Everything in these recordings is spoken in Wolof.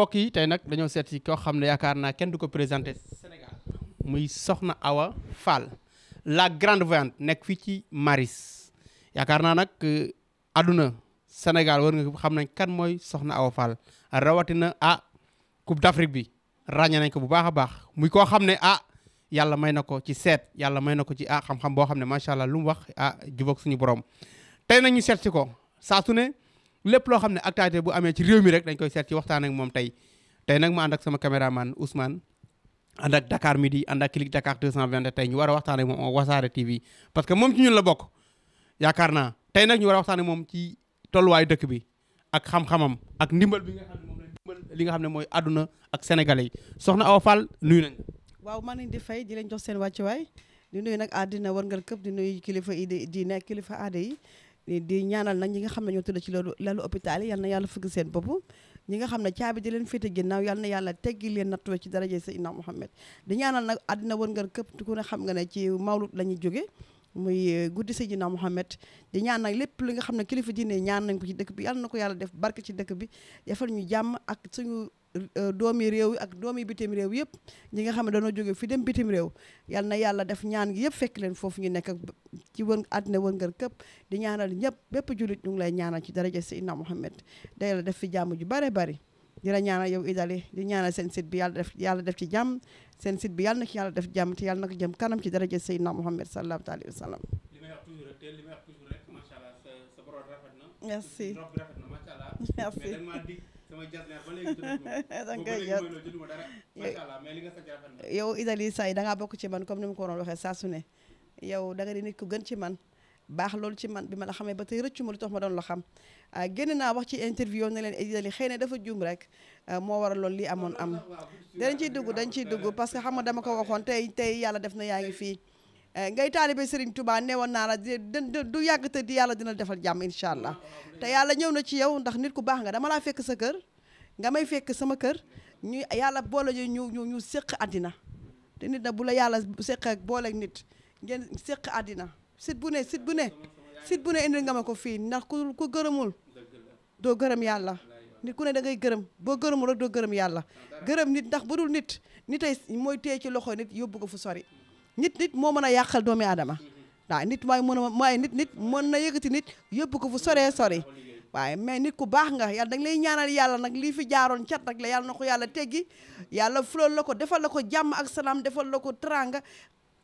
mbokk yi tey nag dañoo seet si koo xam ne yaakaar naa kenn du ko présenté Sénégal muy Soxna Awa Fall la grande voyante nekk fii ci Maris yaakaar naa nag euh, àdduna Sénégal war nga xam nañ kan mooy Soxna Awa Fall rawatina ah Coupe d'Afrique bi ràññee nañ ko bu baax a baax muy koo xam ne ah yàlla may na ko ci seet yàlla may na ko ci ah xam-xam boo xam ne macha allah lu mu wax ah jubóog suñu boroom tey nag seet si ko saa ne lépp loo xam ne ak actualité bu amee ci réew mi rek dañ koy seet ci waxtaan ak moom tey tey nag ma ànd ak sama caméraman Ousmane ànd ak Dakar Midi ànd ak Click Dakar 221 tey ñu war a waxtaan ak moom parce que moom ci ñun yaakaar naa tey nag ñu war a waxtaan ak moom ci tolluwaayu dëkk bi ak xam-xamam ak ndimbal bi nga xam ne li nga xam ne mooy àdduna ak sénégalais yi soxna Awa Fall nuyu nañ waaw maa nañ di fay di leen jox seen waay di nuyu nag àddina war ngal këpp di nuyu kilifa yi di nekk kilifa aada yi di ñaanal nag ñi nga xam ne ñoo tëdd ci loolu lalu hôpital yal na yàlla fëgg seen bopp ñi nga xam ne caabi di leen féete ginnaaw yal na yàlla teggi leen nattu ci daraje Seydina Muhammad di ñaanal eh, lépp li nga xam ne kilifa diine ñaan ko ci dëkk bi yal na ko yàlla def barke ci dëkk bi defal ñu jàmm ak suñu Euh, doomi réew yi ak doomi bitim réew yëpp ñi nga xam ne dañoo jóge fi dem bitim réew yal na yàlla def ñaan gi yëpp fekk leen foofu ñu nekk ak ci wër àddina wërngal këpp di ñaanal ñëpp bépp jullit ñu ngi lay ñaanal ci daraja na Muhammad da yàlla def fi jàmm ju bare bari di la ñaanal yow idali di ñaanal seen site bi yàlla def yàlla def ci jàmm seen sit bi yàlla na ci yàlla def jàmm te yàlla na ko jëm kanam ci daraja Seydina Muhammad sallallahu alayhi wa sallam li may merci sama nga koy eh, yow Idali Say da ngaa bokk ci man comme ni mu ko waroon waxee saa su ne yow danga nga di gën ci man baax loolu ci man bi ma la xamee ba tey rëccu ma lu tax ma doon la xam ah, génn naa wax ci interview ne leen i xëy na dafa juum rek ah, moo waral lool lii amoon am dañ ciy dugg dañ ciy dugg parce que xam nga dama ko waxoon tey tey yàlla def na yaa fii Eh, ngay taalibe Serigne Touba newoon naa la du yàgg te di yàlla dina defal jàmm incha allah te yàlla ñëw na ci yow ndax nit ku baax nga dama laa fekk sa kër nga may fekk sama kër ñu yàlla boole ñu ñu ñu séq àddina te nit na bu la yàlla séq ak nit ngeen séq àddina sit bu ne sit bu ne sit bu ne indil nga ma ko fii ndax ku ku gërëmul doo gërëm yàlla nit ku ne da ngay gërëm boo gërëmul rek doo gërëm yàlla gërëm nit ndax bu dul nit nitay mooy téye ci loxo nit yóbbu ko fu sori nit nit moo mën a yàqal doomi aadama waaw nit mooy mën a mooy nit nit mën na ti nit yóbbu ko fu soree sori waaye mais nit ku baax nga yàlla dañ lay ñaanal yàlla nag lii fi jaaroon cat rek la yàlla na ko yàlla teggi yàlla fulal la ko defal la ko jàmm ak salaam defal la ko teranga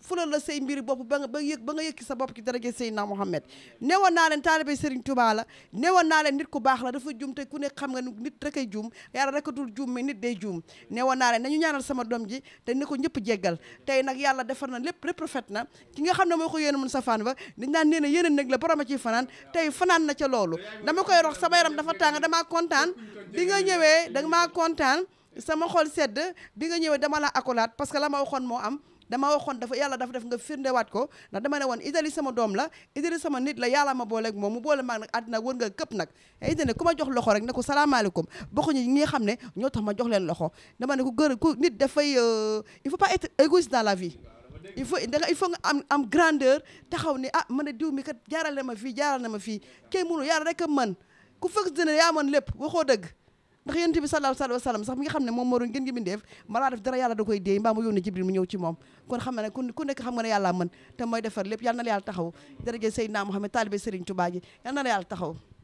fulal la sey mbir bopp ba nga ba yëg ba nga yëkki sa bopp ci daraje Seydina Mohamed newoon naa leen taalibe Serigne Touba la newoon naa leen nit ku baax la dafa juum te ku ne xam nga nit rek ay juum yàlla rek a dul juum mais nit day juum newoon naa leen nañu ñaanal sama doom ji te ne ko ñëpp jeggal tey nag yàlla defar na lépp lépp rafet na ki nga xam ne mooy ko yéen mun sa safaan ba dañ naan nee na yéen a nekk la borom a ciy fanaan tey fanaan na ca loolu dama koy rox sama yaram dafa tàng damaa kontaan bi nga ñëwee danga maa kontaan sama xol sedd bi nga ñëwee dama la parce que la ma waxoon moo am dama waxoon dafa yàlla dafa def nga firndewaat ko ndax dama ne woon Idrissa sama doom la Idrissa sama nit la yàlla ma booleeg moom mu boole maag nag àddina wër nga këpp nag Idrissa ku ma jox loxo rek ne ko salaamaaleykum bokkuñu ñi nga xam ne ñoo tax ma jox leen loxo dama ne ku gër ku nit dafay euh, il faut pas être égoïste dans la vie il faut da nga il nga am am grandeur taxaw ni ah man a diw mi kat jaaral ma fii jaaral na ma fii kenn mënu yàlla rek a mën ku fëgg dina yaa mën lépp waxoo dëgg ndax yonent bi sallallahu alayhi wa sallam sax mi nga xam ne moom moo doon gën gi bindeef balaa def dara yàlla da koy déey mbaa mu yónni Jibril mu ñëw ci moom kon xam ne ku nekk xam nga ne yàlla mën te mooy defar na la yàlla taxaw jërëjëf Seydina Mouhamed taxaw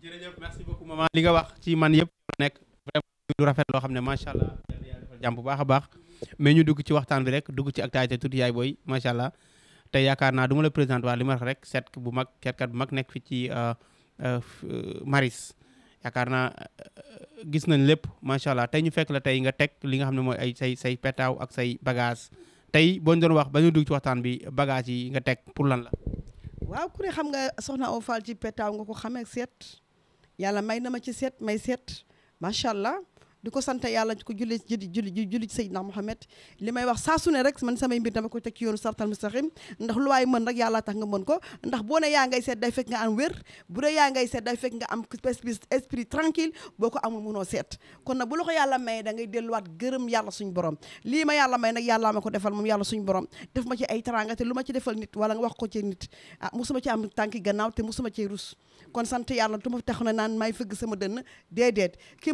jërëjëf merci li nga wax ci man yëpp nekk lu rafet loo xam ne macha allah yàlla bu baax a baax mais ñu dugg ci waxtaan bi rek dugg ci actualité tuuti yaay booy macha allah te yaakaar naa du ma la présenté waa li ma wax rek seet bu mag seetkat bu mag nekk fi ci euh, euh, Maris yaakaar naa eh, gis nañ lépp macha allah tey ñu fekk la tey nga teg li nga xam ne mooy ay say say petaaw ak say bagage tey boo ñu doon wax ba ñu dugg ci waxtaan bi bagage yi nga teg pour lan la. waaw ku ne xam nga soxna Awa Fall ci petaaw nga ko xamee seet yàlla may na ma ci seet may seet macha allah di ko sant yàlla ko julli juli juli juli ci Seydina Mohamed li may wax saa su ne rek man samay mbir dama ko teg ci yoonu sartal mustaqim ndax lu waay mën rek yàlla tax nga mën ko ndax boo ne yaa ngay seet day fekk nga am wér bu dee yaa ngay seet day fekk nga am esprit tranquille boo ko amul mënoo seet kon nag bu la ko yàlla may da delluwaat gërëm yàlla suñ borom lii ma yàlla may nag yàlla ma ko defal moom yàlla suñ borom def ma ci ay teraanga te lu ma ci defal nit wala nga wax ko ci nit ah musuma ci am tànki ma tax na naan sama dënn déedéet ki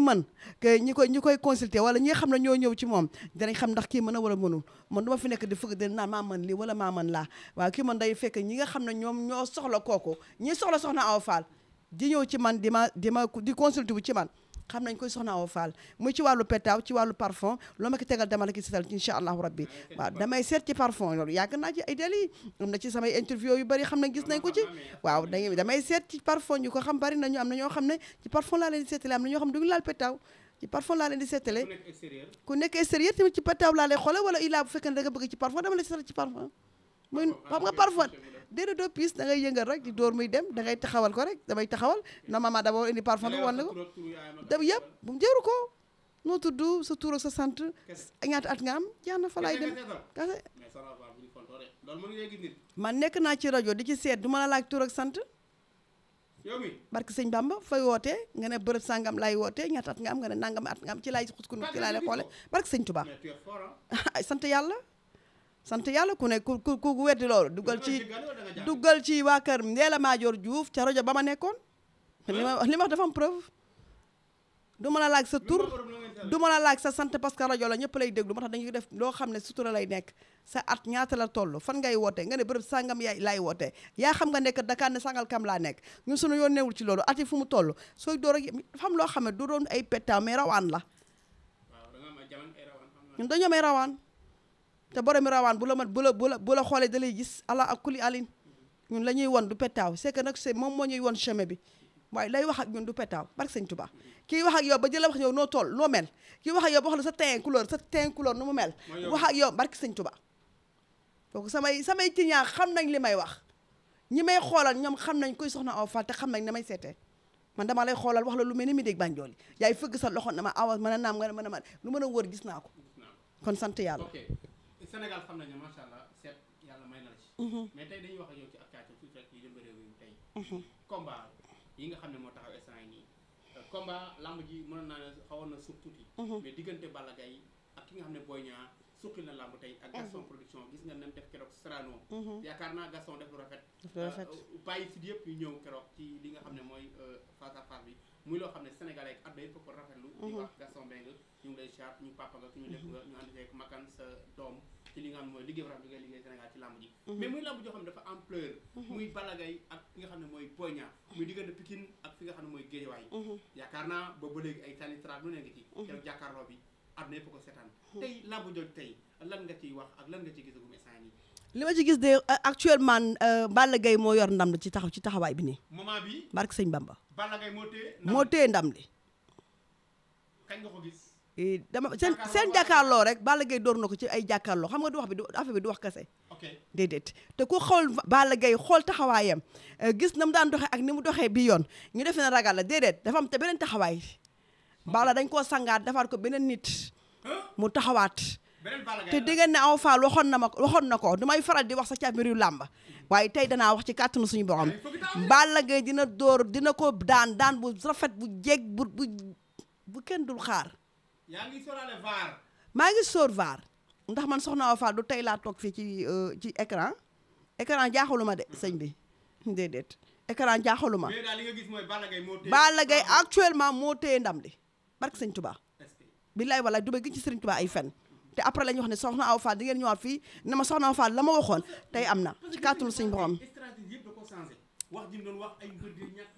koy ñu koy consulter wala ñi nga xam ne ñoo ñëw ci moom dinañ xam ndax a wala mënul man du ma fi nekk di fëgg di naan maa mën lii wala maa laa waaw kii man day fekk ñi nga xam ne ñoom ñoo soxla kooku ñi soxla soxna Awa Fall di ñëw ci man di ma di ma di consulter wu man xam nañ koy soxna Awa Fall muy ci wàllu pétaaw ci wàllu parfum loo ma ko tegal dama la ki seetal incha allahu rabbi waaw damay seet ci parfum loolu yàgg na ci samay interview yu bëri xam nañ gis nañ ko ci waaw da damay seet ko xam bari na ñu am na ñoo xam ne ci parfum laa leen seetale am na ñoo xam ne du ñu laal pétaaw ci parfum laa leen di seetale ku nekk extérieur tamit ci parfum laa lay xoole wala ilaa bu fekkee ne da bëgg ci parfum dama la seetal ci parfum muy xam nga parfum déedéet doo piis da ngay yëngal rek di dóor muy dem da taxawal ko rek damay taxawal na maman d'abord indi parfum bi wan la ko da yëpp bu mu jëru ko noo tudd sa tur sa sant ñaata at nga am jeex na fa laay dem kase man nekk naa ci rajo di ci seet du ma laaj tur ak sant yow mi barke sëñ Bamba fay woote nga ne bërëb sàngam laay woote ñaata at nga nangam at nga ci laay xuskunu ci laay la xoole barke sëñ Tuubaa ay sant yàlla sant yàlla ku ne ku ku ku weddi loolu dugal ci dugal ci waa kër Ndella Madior Diouf ca rajo ba ma nekkoon li ma li ma du ma la laaj sa tur du ma la laaj sa sant parce que rajo la ñëpp lay déglu moo tax dañuy def loo xam ne sutura lay nekk sa at ñaata la toll fan ngay wootee nga ne bërëb sàngam yaay laay wootee yaa xam nga nekk Dakar ne sàngal kam laa nekk su suñu yoon newul ci loolu at yi fu mu toll sooy door ak dafa am loo xam ne du doon ay pétaw mais rawaan la ñun dañoo may rawaan te boromi rawaan bu la mat bu la bu la xoolee da lay gis ala ak kuli alin mm-hmm. ñun la ñuy won du pétaw c'est que nag c'est moom moo ñuy won chemin bi waaye lay wax ak ñun du petaaw barke sëñ Tuubaa kii wax ak yow ba jëla wax yow noo tool noo mel kii wax ak yow ba wax la sa teint couleur sa teint couleur nu mu mel wax ak yow barke sëñ Tuubaa donc samay samay tiñaa xam nañ li may wax ñi may xoolal ñoom xam nañ koy soxna Awa Fall te xam nañ ne may seetee man dama lay xoolal wax la lu mel ni mi dégg bànjool yi yaay fëgg sa loxo na ma awa mën a naam nga mën a man lu mën a wër gis naa ko kon sant yàlla Sénégal xam nañu macha allah yàlla may na mhm. wax ak yow yi nga xam ne moo taxaw instant yi nii euh, combat lamb ji mënoon naa ne xawoon na suuf tuuti. Mhm. mais diggante Balla Gaye ak ki nga xam ne Boy Niang suqil na lamb tey ak ah Gaston production gis nga nem def keroog Serrano mhm. yaakaar naa Gaston def lu rafet euh, euh, bàyyi si yëpp yu ñëw keroog ci li nga xam ne mooy face à face bi muy loo xam ne sénégalais ak àdduna yëpp ko rafetlu di mhm. wax Gaston Mbengue ñu ngi lay char ñu papa nga ki ñu lekk nga ñu ànd ak Makan sa doom li nga xam mooy liggéey bi nga liggéey Sénégal ci làmb ji mhm. muy làmb xam ne dafa ampleur mhm. muy balagay ak fi nga xam ne mooy boña muy diggante Pikine ak fi nga xam ne mooy Géejawaay mhm. yaakaar naa ba ba léegi ay tani lu ne ci keroog jàkkaarloo bi am na yëpp ko seetaan tey làmb tey lan nga ciy wax ak lan nga ciy gisagum instant yi li ma ci gis de euh, actuellement euh, Balla gay moo yor ndam li ci taxaw ci taxawaay bi nii moment bi barke sëñ Bamba Balla Gaye moo téye moo téye ndam li kañ nga dama seen seen jàkkaarloo rek Balla gay door na ko ci ay jàkkaarloo xam nga du wax bi du affaire bi du wax kase déedéet te ku xool Balla Gaye xool taxawaayam euh, gis na mu daan doxee ak ni mu doxee bi yoon ñu defe ne ragal la déedéet dafa am te beneen taxawaay Balla dañ koo sangaat defaat ko beneen nit mu taxawaat te dégg ne aw faal waxoon na ma waxoon na ko du may faral di wax sa ca mbiru làmb waaye tey danaa wax ci kàttanu suñu borom Balla Gaye dina dóor dina ko daan daan bu rafet bu jeg bu bu bu kenn dul xaar yaa ngi sóoraale vaar. maa ngi sóor vaar ndax man soxna Awa Fall du tey laa toog fii ci euh, ci écran écran jaaxaluma de sëñ bi déedéet écran jaaxaluma. mais daal li nga gis mooy Balla moo téye. Balla Gaye actuellement moo téye ndam li barke sëñ Touba. billaay walaay du ma gis ci sëriñ Touba ay fen te après lañu ñu wax ne soxna Awa Fall di ngeen ñëwaat fii na ma soxna Awa Fall la ma waxoon tey am na ci kàttanu suñu borom. wax ji doon wax ay mbër di ñàkk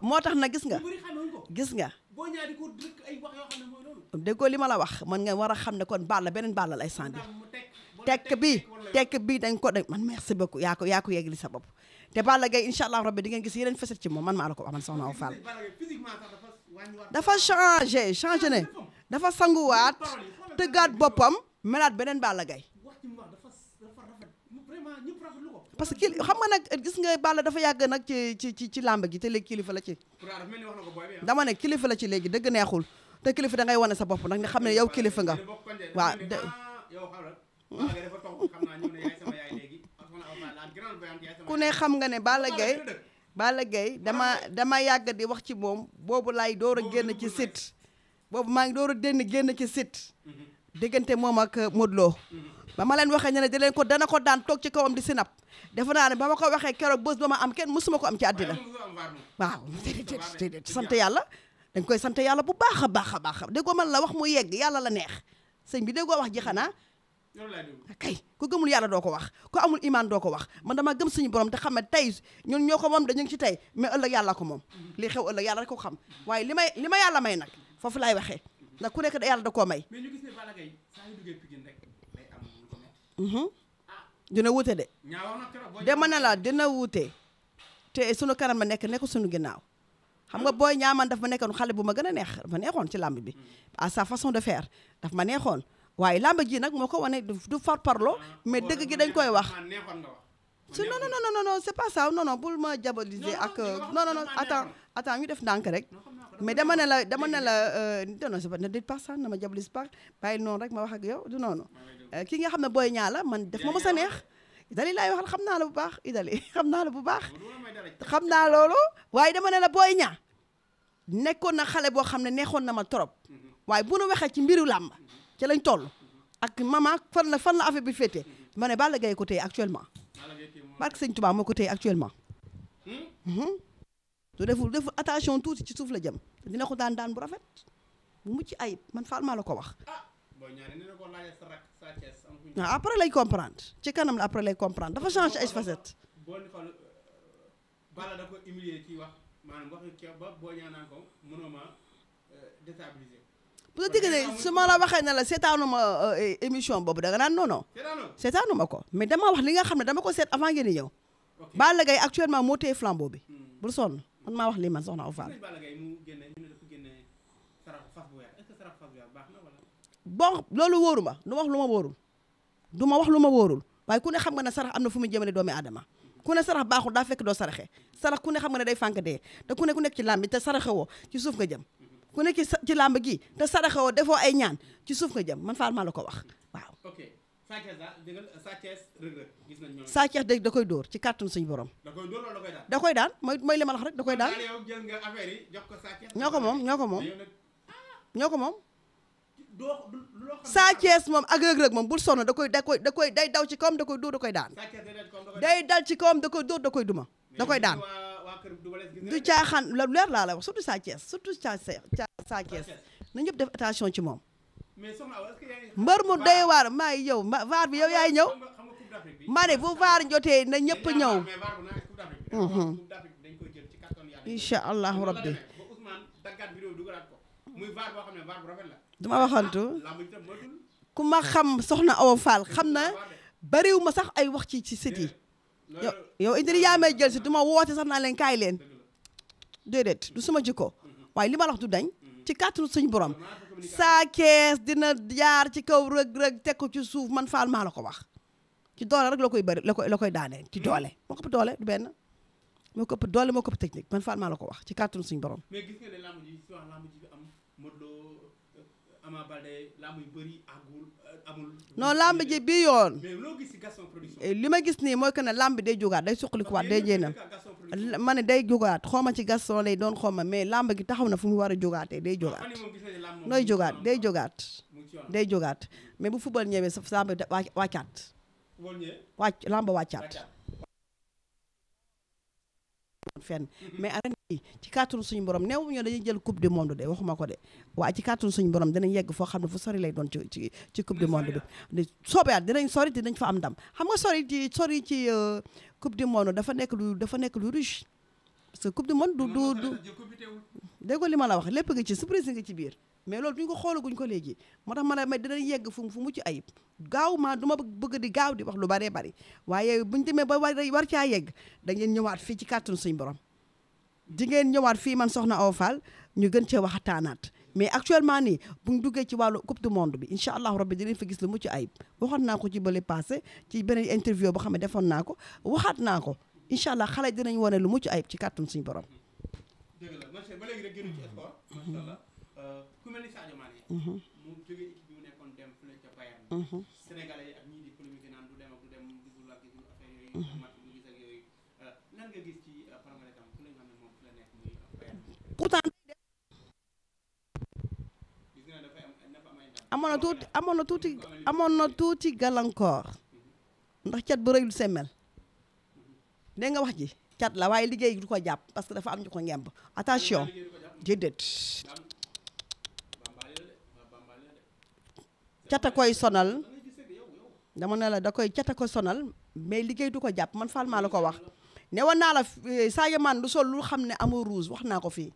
moo tax na gis nga gis nga boo ñaari ko wax li ma la wax man nga war a xam ne kon bala beneen Balla lay sandi tekk bi tek bi dañ ko dañ man merci beaucoup yaa ko yaa yegg li sa bopp te bala Gaye incha allah rabbi di ngeen gis yeneen facette ci moom man maa ko wax man soxna Awa Fall dafa changé changé ne dafa sanguwaat tëggaat boppam melaat beneen bala Gaye parce que xam nga nag gis nga Balla dafa yàgg nag ci ci ci làmb gi te léegi kilifa la ci ah. dama ne kilifa la ci léegi dëgg neexul te kilifa dangay wane sa bopp nag nga xam ne yow kilifa nga waaw ku ah, ne xam nga ne Balla Gaye Balla Gaye dama dama yàgg di wax ci moom boobu lay door a génn ci site boobu maa ngi door a dénn génn ci site mhm. déggante moom ak euh, Modou Lo mm-hmm. ba ma leen waxee ne ne leen ko dana ko daan toog ci kawam di sinap defe naa ne ba ma ko waxee keroog bës ba ma am kenn mësuma ko am ci àddina waaw déedéet sant yàlla dañ koy sant yàlla bu baax a baax a baax déggoo man la wax mu yegg yàlla la neex sëñ bi déggoo wax ji xanaa kay ku gëmul yàlla doo ko wax ku amul imaan doo ko wax man dama gëm suñu borom te xam ne tey ñun ñoo ko moom dañu ngi ci tey mais ëllëg yàlla ko moom mm-hmm. li xew ëllëg yàlla rek ko xam waaye li may li ma yàlla may nag foofu laay waxee ndax ku nekk da yàlla da koo may. mais ñu gis ne Balla mhm. ah. dina wuute de. ñaawoon na trop dama ne la dina wuute. te sunu kanam la nekk nekk sunu ginnaaw. xam nga booy ñaaman daf ma nekkoon xale bu ma gën a neex dafa neexoon ci làmb bi. Mhm. à sa façon de faire daf ma neexoon waaye làmb ji nag moo ko wane du far parlo ah, mais dëgg gi dañ koy wax. su non non non non c'est pas ça non non bul ma diaboliser ak non non non attends attends ñu def ndànk rek. mais dama ne la dama ne la euh, non non ne dites pas ça ne ma diabolise pas bàyyil noonu rek ma wax ak yow du noonu. Euh, ki nga xam ne booy ñaa la man def ma mos a neex. Idali laay waxal xam naa la bu baax Idali xam naa la bu baax. xam naa loolu. waaye dama ne la booy ñaa nekkoon na xale boo xam ne neexoon na ma trop. Mhm. waaye bu nu waxee ci mbiru làmb ci lañ toll. ak mama fan la fan la affaire bi féete. Mhm. ma ne Balla Gaye ko téye actuellement. Barke Sëñ Tuubaa moo ko téye actuellement. Hmm? Mhm. su deful def attention tuuti ci suuf la jëm dina ko daan daan bu rafet bu mucc ayib man Fall maa la ko wax. ah, ah après lay comprendre ci kanam la après lay comprendre dafa changé ay facettes. Euh, Balla da ko humilier ci wax maanaam wax ba boo ñaanaan ko mënoo ma euh, déstabiliser. bu la déggee su ma la waxee ne la seetaanu ma euh, émission boobu da naan non non. seetaanu ma ko mais dama wax li nga xam ne dama ko seet avant ngeen di ñëw. Balla Gaye actuellement moo téye flambeau bi. Hmm. bul sonn. man maa wax lii man soxna Awa Fall. bon loolu wóoru ma du ma wax lu ma wóorul du wax lu ma wóorul waaye ku ne xam nga ne sarax am na fu mu jëmale doomi aadama ku ne sarax baaxul daa fekk doo saraxe sarax ku ne xam nga ne day fànk dee te ku ne ku nekk ci làmb te saraxe ci suuf nga jëm ku nekk ci làmb gi te saraxe defoo ay ñaan ci suuf nga jëm man Fall maa la ko wax waaw. Sa Thiès ah, da koy dóor ci kàttanu suñu borom. da koy dóor wala da koy daan. da koy daan mooy mooy li ma la wax rek da koy daan. ñoo ko moom ñoo ko moom. Ah! ñoo ko moom. Sa Thiès moom ak Reug Reug moom bul sonn da koy da da koy day daw ci kawam da koy dóor da koy daan. day dal ci kawam da koy dóor da koy duma. da koy daan. du caaxaan la leer laa la wax surtout Sa surtout Sa Thiès na ñëpp def attention ci moom. mbër mu doy waar maa yow ma vaar bi yow yaay ñëw ma ne bu vaar jotee na ñëpp ñëw mhm. incha allahu rabbi duma waxantu ah, ku ma xam soxna Awa Fall xam na bariw ma sax ay wax ci ci sët yi yow yow indi yaa jël si du ma woote sax naa leen kaay leen déedéet du suma jikko mhm. waaye li ma la du dañ mhm. ci kàttanu suñu borom saakees dina jaar ci kaw rëg-rëg teg ko ci suuf man faal maa la ko wax ci doole rek la koy bëri la koy la koy daanee ci doole moo ko ëpp doole du benn moo ko doole moo ko ëpp technique man faal maa la ko wax ci kàttanu suñu borom Ama Baldé lamb yu bëri àggul euh, ji bi yoon. li ma gis nii mooy que na làmb day jógaat day suqalikuwaat day jéenam. ma ne day jógaat xooma ci Gaston lay doon xooma mais làmb gi taxaw na fu mu war a jógaatee day jógaat. nooy jógaat day jógaat. day jógaat mais bu football ñëwee sa lamb wàccaat. wàcc lamb wàccaat. fenn ci kàttanu suñu borom néew ñoo dañuy jël coupe du monde de waxuma ko de waaye ci kàttanu suñu borom dinañ yegg foo xam ne fu sori lay doon ci ci ci coupe du monde bi soobee at dinañ sori dinañ fa am ndam xam nga sori ci sori ci euh, coupe du monde dafa nekk lu dafa nekk lu riche parce que coupe du monde du du du déggoo li ma la wax lépp nga ci surprise nga ci biir mais loolu duñ ko xoolaguñ ko léegi moo tax ma la may dinañ yegg fu fu mucc ayib gaaw ma du ma bëgg di gaaw di wax lu baree bari waaye buñ demee ba war war caa yegg da ngeen ñëwaat fii ci kàttanu suñu borom di ngeen ñëwaat fii man soxna Awa Fall ñu gën cee waxtaanaat mais actuellement nii bu duggee ci wàllu coupe du monde bi incha allah rabbi dinañ fa gis lu mucc ayib waxoon naa ko ci bële passé ci beneen interview boo xam ne defoon naa ko waxaat naa ko incha allah xale dinañ wane lu mucc ayib ci kàttan suñu borom. dëgg la amoon na tuuti amoon na tuuti amoon na tuuti gàllankoor ndax cat bu rëyul semmel dégg nga wax ji cat la waaye liggéey du ko jàpp parce que dafa am ñu ko ngemb attention déedéet cat koy sonal dama ne la da koy cat ko sonal mais liggéey du ko jàpp man Fall maa la ko wax ne woon naa la eh, Sadio Mané du sol lu xam ne amul rouge wax naa ko fii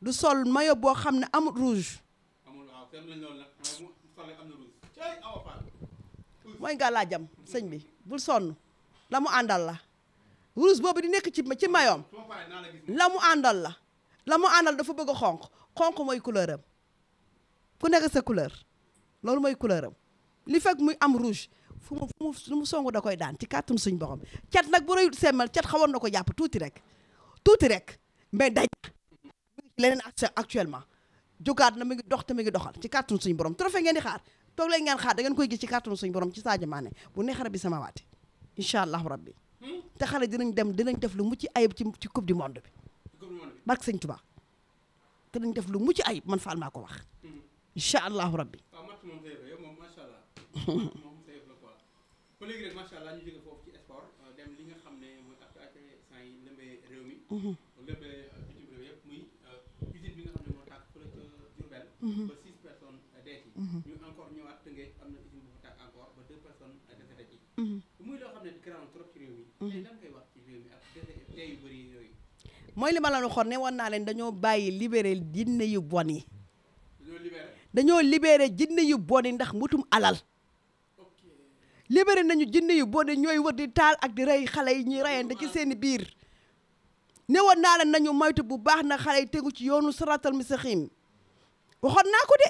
du sol maillot boo xam ne amul rouge waaw kenn lañ mooy nga sëñ bi bul sonn la mu àndal la ruus boobu di nekk ci ci mayoom la mu àndal la la mu àndal dafa bëgg a xonq xonq mooy couleur ku nekk sa couleur loolu mooy couleur am li fekk muy am rouge fu mu fu mu songu da koy daan ci kàttanu suñ borom cet nag bu rëyut semmal cat xawoon na ko jàpp tuuti rek tuuti rek mais daj leneen actuellement jógaat na mi ngi dox te mi ngi doxal ci kàttanu suñu borom trophée ngeen di xaar toog leen ngeen xaar da ngeen koy gis ci kàttanu suñu borom ci Sadio Mané bu neex rabbi sama waate allahu rabbi te xale dinañ dem dinañ def lu mucc ayib ci ci coupe du monde bi barke sëñ Tuubaa te dinañ def lu mucc ayib man Fall maa ko wax incha allahu rabbi ba léegi rek macha allah ñu jóge Mm-hmm. ba six euh, mm-hmm. euh, mm-hmm. mooy li ma la waxoon naa leen dañoo bàyyi libéré jinne yu bon yi dañoo libéré jinne yu bon yi ndax mutum alal libéré nañu jinne yu bon yi ñooy wër di taal ak di rey xale yi ñuy reyante ci seeni biir ne woon naa leen nañu moytu bu baax na xale yi tegu ci yoonu mi sa misaxiim waxoon naa ko de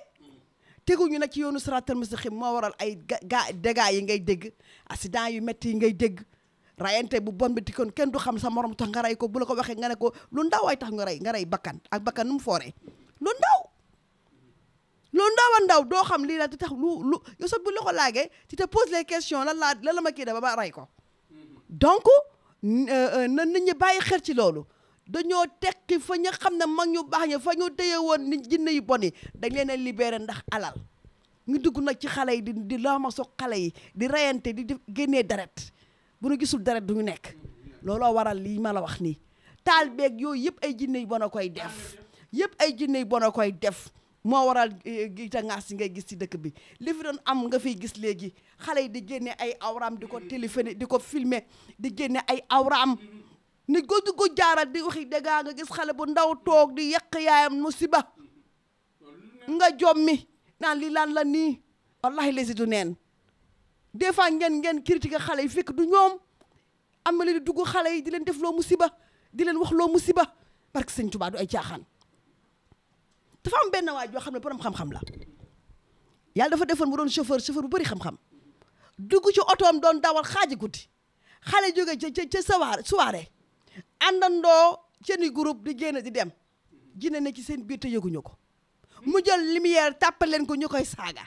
teguñu nag ci yoonu siraatal mustaqim moo waral ay ga dégâts yi ngay dégg accident yu métti yi ngay dégg rayante bu bon bi ti kon kenn du xam sa morom tax nga ray ko bu la ko waxee nga ne ko lu ndaw ay tax nga rey nga rey bakkan ak bakkan nu mu fooree lu ndaw lu ndaw a ndaw doo xam lii la di tax lu lu yow sax bu la ko laagee tu te pose les questions lan laa lan la ma kii da ba ba ko mm-hmm. donc euh, euh, na nit ñi bàyyi xel ci loolu dañoo tekki fa ña xam ne mag ñu baax ña fa ñu téye woon nit jinne yu bon yi dañ leen libeere ndax alal ñu dugg nag ci xale yi di di laamasu xale yi di reyante di génnee deret bu ñu gisul deret du ñu nekk looloo waral lii ma la wax nii taal beeg yooyu yëpp ay jinne yu bon a koy def yëpp ay jinne yu bon a koy def moo waral eh, gita ngaas yi ngay gis ci dëkk bi li fi doon am nga fiy gis léegi xale yi di génne ay awraam di ko téléphoné di ko filmer di génne ay awraam nit ko di ko jaaral di waxi dagaa nga gis xale bu ndaw toog di yàq yaayam musiba nga jommi naan li lan la nii wallahi lesi du neen des fois ngeen ngeen critiquer xale yi fekk du ñoom am na leen xale yi di leen def loo musiba di leen wax loo musiba parce que sëñ Tuubaa du ay caaxaan dafa am benn waay joo xam ne borom xam-xam la yàlla dafa defoon mu doon chauffeur chauffeur bu bëri xam-xam dugg ci otoom doon dawal xaaji guddi xale jóge ca ca ca sawaar soirée àndandoo seeni groupe di génn di dem jinne ne ci seen biir te yëguñu ko mu jël lumière tàppal leen ko ñu koy saaga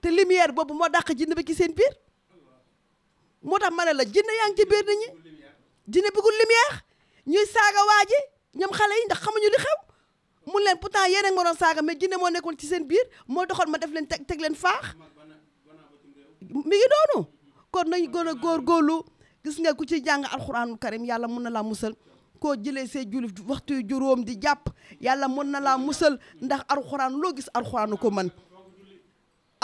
te lumière boobu moo dàq jinne ba ci seen biir moo tax ma la jinne yaa ngi ci biir nit ñi jinne bëggul lumière ñuy saaga waa ji ñoom xale yi ndax xamuñu li xew mun leen pourtant yéen a ngi ma doon saaga mais moo nekkoon ci seen biir moo doxoon ma def leen teg teg leen faax mi ngi noonu kon nañ gën góor góorgóorlu gis nga ko ci jàng alxuraanul karim yàlla mun na laa musal koo jëlee see julli waxtu juróom di jàpp yàlla mun na laa musal ndax alxuraan loo gis alxuraanu ko mën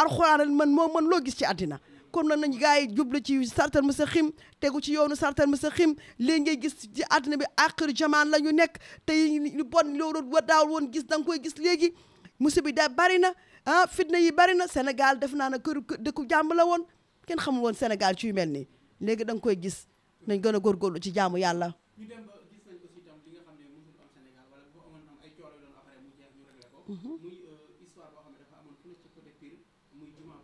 alxuraan mën moo mën loo gis ci àddina kon nag nañ gars yi jublu ci sartal mustaqim tegu ci yoonu sartal mustaqim lii ngay gis ci àddina bi àqir jamaan la ñu nekk te ñu bon loolu daaw woon gis da nga koy gis léegi musiba bi da bari na ah fitna yi bari na Sénégal def naa na kër dëkku jàmm la woon kenn xamul woon Sénégal ci mel nii léegi da nga koy gis nañ gën a góorgóorlu ci jaamu yàlla. ñu dem ba gis nañ aussi tam li nga xam ne mosul am Sénégal wala bu amoon am ay coono mu jeex ñu réglé ko. Mhm. muy euh, muy jumaa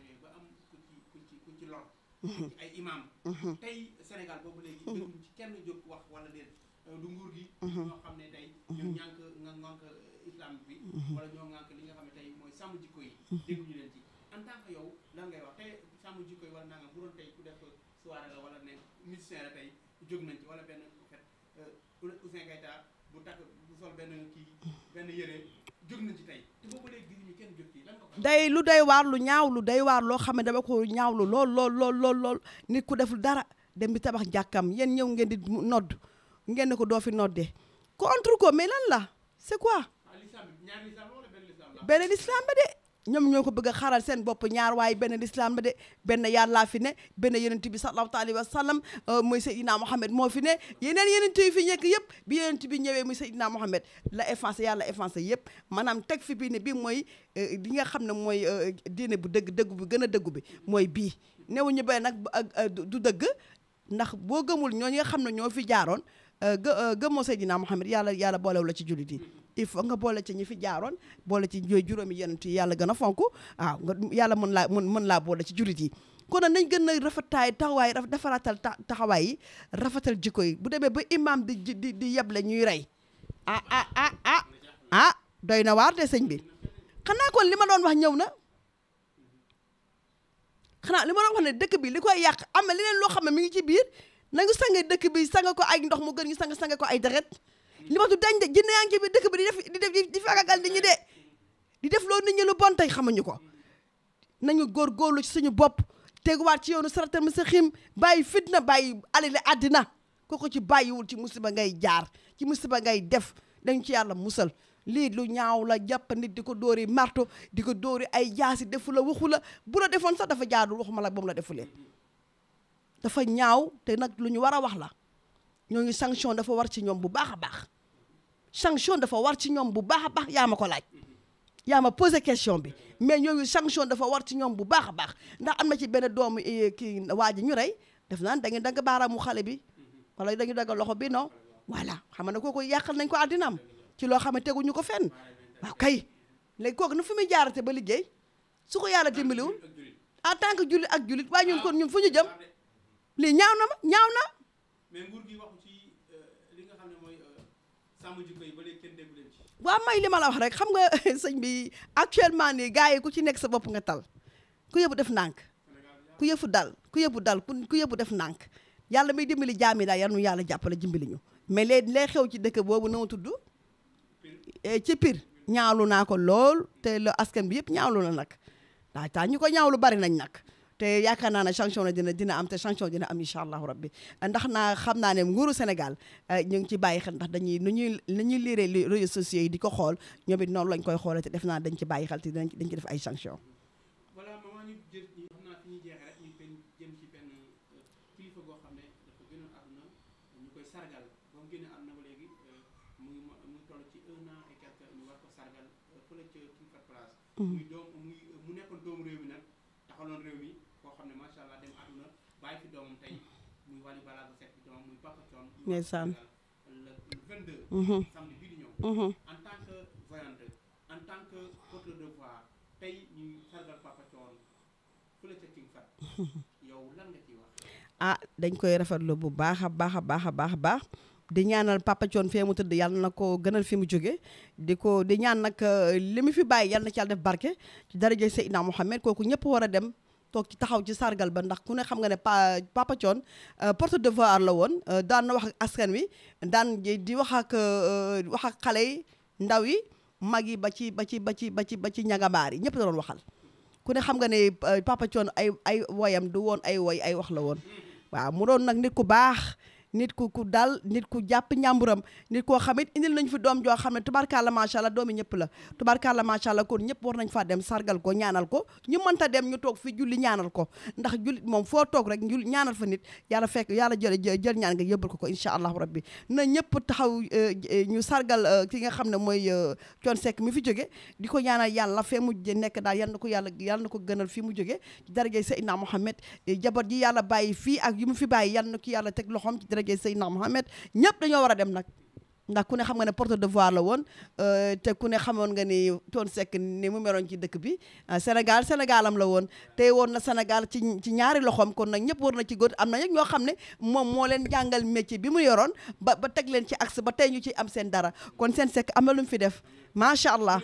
eh, ba am ku ci ku ci ku ci lor. Mhm. ay imam. Mhm. tey Sénégal boobu léegi. ci kenn jóg wax wala déet euh, du nguur gi. ñoo xam ne tey. ñoom ñànk nga ngànk euh, islam bi. wala ñoo ngànk li nga xam ne tey mooy sàmm jikko yi. dégguñu leen ci en tant que yow lan ngay wax tey sàmm jikko yi wala naa nga doon tey soirée la wala ne musicien wala benn fet euh, Ouzin Keita day lu day waar lu ñaaw lu day waar loo xam ne dama ko ñaawlu lool lool lool lool nit ku deful dara dem bi tabax jàkkam yéen ñëw ngeen di nodd ngeen ne ko doo fi noddee contre ko mais la c'est quoi beneen islam ba de ñoom ñoo ko bëgg a xaral seen bopp ñaar waaye benn lislaam ba de benn yàllaa fi ne benn yonent bi sallallahu alayhi wa sallam euh, mooy Seydina Mohamed moo fi ne yeneen yonent yi fi nekk yëpp bi yonent bi ñëwee muy Seydina Mohamed la effacé yàlla effacé yëpp maanaam teg fi bii ne bii mooy euh, li nga xam ne mooy euh, diine bu dëgg dëggu bu gën a dëggu bi mooy bii newuñu bay nag du dëgg ndax boo gëmul ñoo nga xam ne ñoo fi jaaroon gë gëmoo Seydina Mohamed yàlla yàlla boolewu la ci jullit yi il faut nga boole ci ñi fi jaaroon boole ci ñooy juróomi yonent yi yàlla gën a fonk waaw yàlla mën laa mën mën laa boole ci jurit yi kon nag nañ gën a rafetaay taxawaay defaratal taxawaay yi rafetal jikko yi bu demee ba imaam di di di yeble ñuy rey ah ah, ah ah ah doy na waar de sëñ bi xanaa kon li ma doon wax ñëw na xanaa li ma doon wax ne dëkk bi li koy yàq am na li leneen loo xam ne mu ngi ci biir nañu sange dëkk bi sange ko ay ndox mu gën ñu sange sange ko ay deret li ma du dañ de jinne yaa ngi bi dëkk bi di def di def di nit ñi de di def loolu nit ñi lu bon tey xamuñu ko nañu góor góorlu ci suñu bopp teguwaat ci yoonu saratal mustaqiim bàyyi fitna bàyyi alali àddina ko ko ci bàyyiwul ci musiba ngay jaar ci musiba ngay def dañ ci yàlla musal lii lu ñaaw la jàppandi di ko dóori marto di ko dóori ay jaasi defu la waxu la bu la defoon sax dafa jaadul waxuma la moom la defulee dafa ñaaw te nag lu ñu war a wax la ñoo ñooñu sanction dafa war ci ñoom bu baax a baax sanction dafa war ci ñoom bu baax baax yaa ko laaj yaa ma posé question bi mais ñooñu sanction dafa war ci ñoom bu baax a baax ndax am na ci benn doomu eh, kii waa ji ñu rey def naan da ngeen dagg baaraamu xale bi wala dañu dagg loxo bi non voilà xam na kooku yàqal nañ ko àddinaam ci loo xam ne ñu ko fenn waaw kay léegi kook nu fu muy jaarate ba liggéey su ko yàlla dimbaliwul en tant que jullit ak jullit waaye ñun kon ñun fu ñu jëm lii ñaaw na ñaaw na. waaw may li ma la wax rek xam nga sëñ bi actuellement ni gars yi ku ci nekk sa bopp nga tal ku yëbu def ndànk ku yëfu dal ku yëbu dal ku yëbu def ndànk yàlla may dimbali jaam yi daal yal nu yàlla jàppale jimbali ñu mais léegi lay xew ci dëkk boobu na ma tudd eh, ci pir ñaawlu naa ko lool te la askan bi yëpp ñaawlu na nag daa taa ñu ko ñaawlu bari nañ nag te yaakaar naa ne sanction na dina am te sanction dina am incha allahu rabbi ndax naa xam naa ne nguuru Sénégal eh, ñu ngi ci bàyyi xel ndax dañuy nu ñuy nu ñuy liiree réseaux sociaux yi di ko xool ñoom it noonu lañ koy xoolee te def naa dañ ci bàyyi xel te dañ ci def ay sanction a euh, àdduna a koo yow lan ah dañ koy rafetlu bu baax a baax a baax a baax a baax. di ñaanal Papa fee mu tëdd yàlla na ko gënal fi mu jóge di ko di ñaan nag eh, li mu fi bàyyi yàlla na ci yàlla def barke ci daraja Seydina Mouhamed kooku ñëpp war a dem toog ci taxaw ci sargal ba ndax ku ne xam nga ne pa Papa Thione euh, porte de voix la woon euh, daan na wax ak askan wi daan di wax ak euh, wax ak xale yi ndaw yi mag yi ba ci ba ci ba ci ba ci ba ci ñangambaar yi ñëpp da doon waxal ku ne xam nga ne Papa ay ay woyam du woon ay woy ay wax la woon waaw mu doon nag nit ku baax nit ku ku dal nit ku jàpp ñàmburam nit koo xamit indil nañ fi doom joo xam ne tubarkalla macha allah doomi ñëpp la tubarkalla macha allah kon ñëpp war nañ faa dem sargal ko ñaanal ko ñu mënta dem ñu toog fi julli ñaanal ko ndax jullit moom foo toog rek jul ñaanal fa nit yàlla fekk yàlla jël jël ñaan nga yëbbal ko ko incha allahu rabbi na ñëpp taxaw euh, ñu sargal euh, ki nga xam ne mooy euh, Thione Seck mi fi jóge di ko ñaanal yàlla fee mu nekk daal yal na ko yàlla yal na ko gënal fi mu jóge ci darajay Seydina Mohamed jabar ji yàlla bàyyi fii ak yu mu fi bàyyi yal na ko yàlla teg loxoom darajay Seydina Mohamed ñëpp dañoo war a dem nag ndax ku ne xam nga ne porte de voix la woon euh, te ku ne xamoon nga ni toon sekk ni mu meroon ci dëkk bi euh, Sénégal Sénégalam la woon tey woon na Sénégal ci ci ñaari loxoom kon nag ñëpp war na ci góor am na nag ñoo xam ne moom moo leen jàngal métier bi mu yoroon ba ba teg leen ci axe ba tey ñu ci am seen dara kon seen sekk am fi def macha allah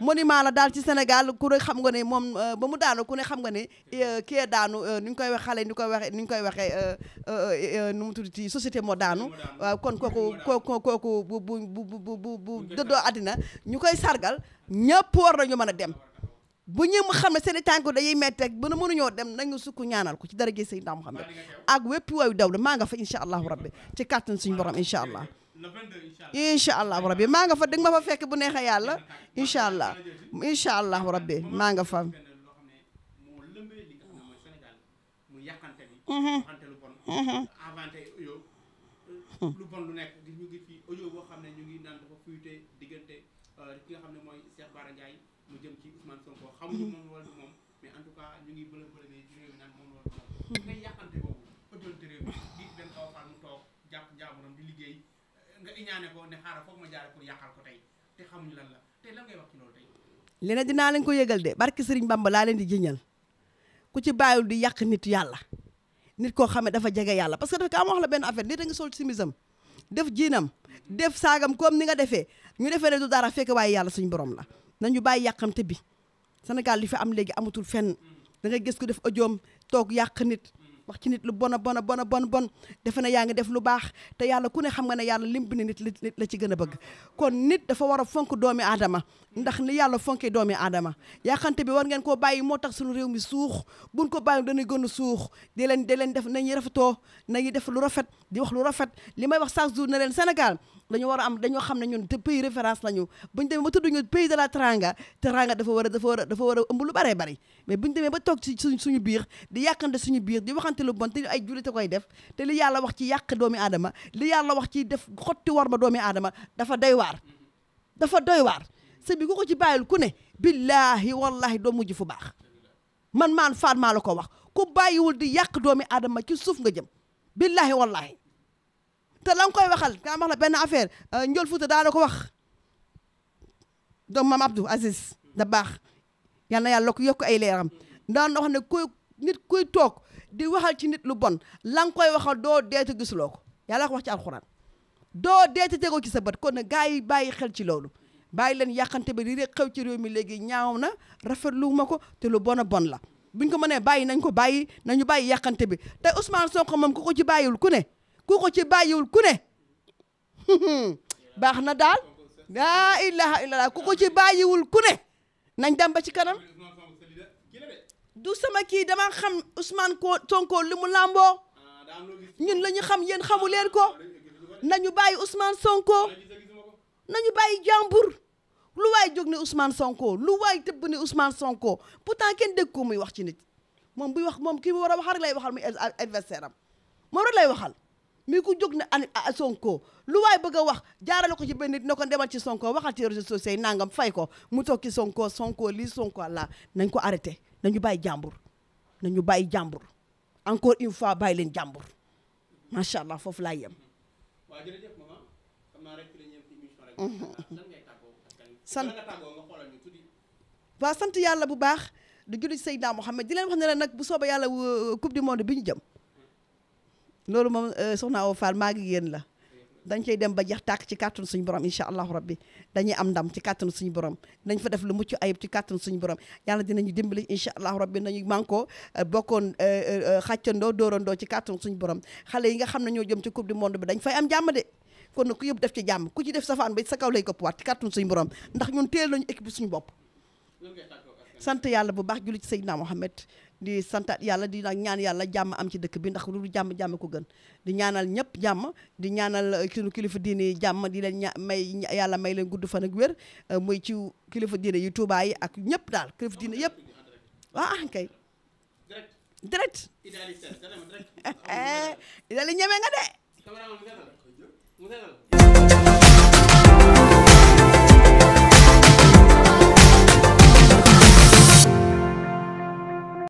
monument maana daal ci Sénégal ku ne xam nga ne moom euh, ba mu daanu ku ne xam nga ne euh, kii daanu euh, ni ñu koy wax xale ni koy waxee ni ñu koy waxee nu mu tudd ci société moo daanu kon kooku kooku kooku bu bu bu bu bu dëddoo àddina ñu koy sargal ñëpp war nañu mën a dem bu ñu xam ne seen i tànk dañuy métti rek ba na mënuñoo dem nañu sukk ñaanal ko ci daraja Seydina Muhammad ak wépp wayu daw la maa nga fa incha allahu rabbi ci kàttan suñu borom incha allah incha allahu rabbi maa nga fa dëgg ma fa fekk bu neexee yàlla incha allah incha allahu rabbi maa nga fa mm-hmm. mm-hmm. mm-hmm. lu bon lu nekk di ñu ngi fi boo xam ne ñu ngi naan dafa diggante euh, ki xam ne mooy Cheikh Bara mu jëm ci Ousmane Sonko ngi nga iñaane ko ne xaaral foog ma jaare pour yàqal ko tey te xamuñu lan la tey lan ngay wax ci tey leneen dinaa leen ko yëgal de barki sëriñ Bamba laa leen di jëñal ku ci bàyyul di yàq nit yàlla nit koo xam ne dafa jege yàlla parce que dafa ka am wax la benn affaire nit a ngi sol simisam def jiinam def saagam comme ni nga defee ñu defee ne du dara fekk waaye yàlla suñu borom la nañu bàyyi yàqamte bi senegal li fi am léegi amatul fenn dangay ngay gis ko def ajoom toog yàq nit wax ci nit lu bona bon bona bon bon defe na yaa ngi def lu baax te yàlla ku ne xam nga ne yàlla lim bi ne la ci gën a bëgg kon nit dafa war a fonk doomi aadama ndax ni yàlla fonkee doomi aadama yaaxante bi war ngeen koo bàyyi moo tax suñu réew mi suux buñ ko bàyyi dañuy gën a suux di leen di leen def nañuy rafetoo nañuy def lu rafet di wax lu rafet li may wax chaque jour ne leen Sénégal dañu war a am dañoo xam ne ñun te pays référence lañu buñ demee ba tudd ñu pays de la Teranga Teranga dafa war a war dafa war a lu baree bari mais buñ ba toog suñu biir di yàqante suñu biir di wax waxante lu bon ay jullit koy def te li yàlla wax ci yàq doomi aadama li yàlla wax ci def xotti war ma doomi adama dafa doy waar dafa doy waar sëñ bi ku ko ci bàyyil ku ne billaahi wallahi doo mujj fu baax man maan faat maa ko wax ku bàyyiwul di yàq doomi aadama ci suuf nga jëm billaahi wallahi te la koy waxal kaa benn affaire euh, Ndiol Fouta daa ko wax doom maam Abdou Aziz da baax yal yàlla ko yokk ay leeram daan na wax ne kuy nit kuy toog di waxal ci nit lu bon la koy waxal doo deete gisuloo ko yàlla ko wax ci alxuraan doo deete tegoo ci sa bët kon na gars yi bàyyi xel ci loolu bàyyi leen yàqante bi li rek xew ci réew mi léegi ñaaw na rafetlu ma ko te lu bon bon la buñ ko mënee bàyyi nañ ko bàyyi nañu bàyyi yàqante bi te Ousmane Sonko moom ku ko ci bàyyiwul ku ne ku ko ci bàyyiwul ku ne baax na daal laa ilaha illallah ku ko ci bàyyiwul ku ne nañ dem ba ci kanam du sama kii dama xam Ousmane ko Sonko li mu làmboo ñun la ñu xam yéen xamu leen ko nañu bàyyi Ousmane Sonko nañu bàyyi jàmbur lu waay jóg ne Ousmane Sonko lu waay tëbb ne Ousmane Sonko pourtant kenn dégg ko muy wax ci nit moom buy wax moom kii war a waxal lay waxal muy adversaire am moom rek lay waxal mi ku jóg ne a Sonko lu waay bëgg a wax jaarale ko ci benn nit ne ko demal ci Sonko waxal ci réseaux sociaux fay ko mu toog Sonko Sonko lii Sonko la nañ ko arrêté nañu bàyyi jàmbur nañu bàyyi jàmbur encore une fois bàyyi leen jàmbur macha allah foofu laa yem. waaw mhm. ah, sant nga sant yàlla bu baax di julli Seydina Mohamed di leen wax ne la nag bu soobee yàlla euh, coupe du monde bi ñu jëm loolu moom euh, soxna Awa Fall maa ngi yéen la. dañ koy dem ba jeex tàkk ci kàttanu suñu borom incha allahu rabbi dañuy am ndam ci kàttanu suñu borom nañ fa def lu mucc ayib ci kàttanu suñu borom yàlla dinañu dimbali incha allahu rabbi nañu manko euh, bokkoon euh, euh, xàccandoo dóorandoo ci kàttanu suñu borom xale yi nga xam ne ñoo jëm ci coupe du monde bi dañ fay am jàmm de kon nag ku yëpp def ci jàmm ku ci def safaan ba sa kaw lay kopp waat ci kàttanu suñu borom ndax ñun teel nañu équipe suñu bopp sant yàlla bu baax julli ci Seydina Mohamed di santaat yàlla di nag ñaan yàlla jàmm am ci dëkk bi ndax lu jàmm jàmm ko gën di ñaanal ñëpp jàmm di ñaanal uh, sunu kilifa diine jàmm di leen ña yàlla may gudd fan ak uh, muy ci kilifa diine yu Tuubaa ak ñëpp daal kilifa diine yëpp ah, ah kay. direct Idali ñeme nga de.